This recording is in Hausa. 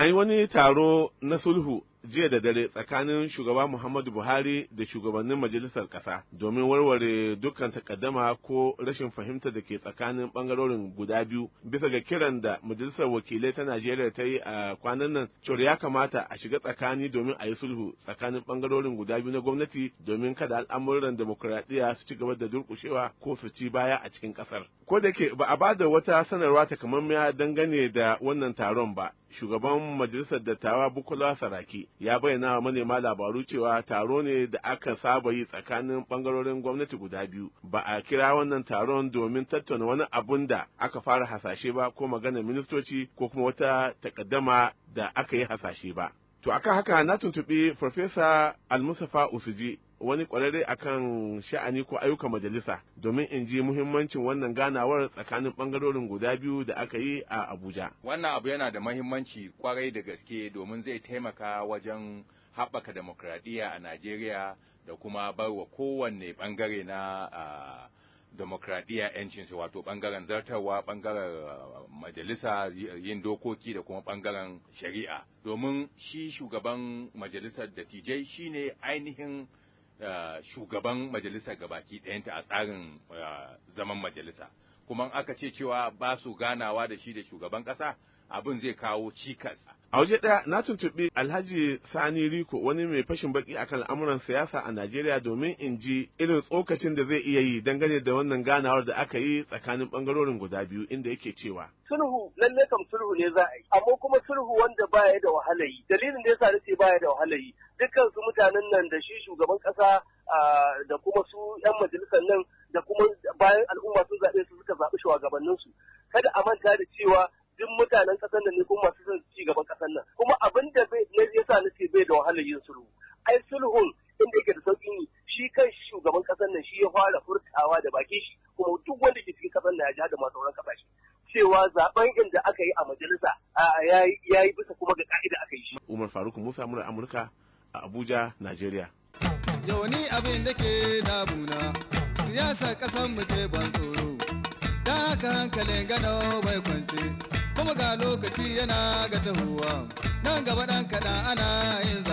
an yi wani taro na sulhu jiya da dare tsakanin shugaba Muhammadu Buhari da shugabannin majalisar ƙasa domin warware dukkan takaddama ko rashin fahimta da ke tsakanin ɓangarorin guda biyu bisa ga kiran da majalisar wakilai ta Najeriya ta yi a kwanan nan cewar ya kamata a shiga tsakani domin a yi sulhu tsakanin ɓangarorin guda biyu na gwamnati domin kada al'amuran demokuraɗiyya su ci gaba da durƙushewa ko su ci baya a cikin ƙasar. ko da ke ba a ba da wata sanarwa ya dangane da wannan taron ba shugaban majalisar dattawa bukola saraki ya bayyana wa manema labaru cewa taro ne da aka saba yi tsakanin bangarorin gwamnati guda biyu ba a kira wannan taron domin tattauna wani abun da aka fara hasashe ba ko magana ministoci ko kuma wata takaddama da aka yi hasashe ba to akan haka na tuntuɓi farfesa almusafa usuji wani kwararre a kan sha'ani ko ayyukan majalisa domin in ji muhimmancin wannan ganawar tsakanin bangarorin guda biyu da aka yi a Abuja. Wannan abu yana da muhimmanci kwarai da gaske domin zai taimaka wajen haɓaka demokradiyya a Najeriya da kuma barwa kowanne bangare na demokradiyya 'yancinsa, su wato bangaren zartarwa bangaren majalisa yin dokoki da kuma bangaren shari'a domin shi shugaban majalisar dattijai shine ainihin shugaban majalisa gabaki ɗayanta a tsarin uh, zaman majalisa kuma aka ce cewa ba su ganawa da shi da shugaban kasa, abin zai kawo cikas. A waje ɗaya na tuntuɓi Alhaji Sani Riko wani mai fashin baki akan al'amuran siyasa a Najeriya domin in ji irin tsokacin da zai iya yi dangane da wannan ganawar da aka yi tsakanin bangarorin guda biyu inda yake cewa. Sulhu lalle kam sulhu ne za a yi amma kuma sulhu wanda baya da wahala yi dalilin da ya yasa nace baya da wahala yi dukkan su mutanen nan da shi shugaban kasa ah, da kuma su 'yan majalisar nan da kuma bayan al'umma zaɓi su, kada a manta da cewa duk mutanen ƙasar nan ne kuma masu son ci gaban ƙasar nan kuma abin da bai na yasa nake bai da wahalar yin sulhu ai sulhun inda yake da sauƙin yi shi kan shugaban ƙasar nan shi ya fara furtawa da baki shi kuma duk wanda ke cikin ƙasar nan ya ji da masu sauran ƙasashe cewa zaben inda aka yi a majalisa ya yi bisa kuma ga ka'ida aka yi shi. Umar Faruk Musa mura Amurka a Abuja, Najeriya. Yau ni abin da ke damuna siyasa ƙasar mu ke ban tsoro. haka hankalin gano bai kwance kuma ga lokaci yana ga tahowa nan gaba ɗan kaɗan ana yin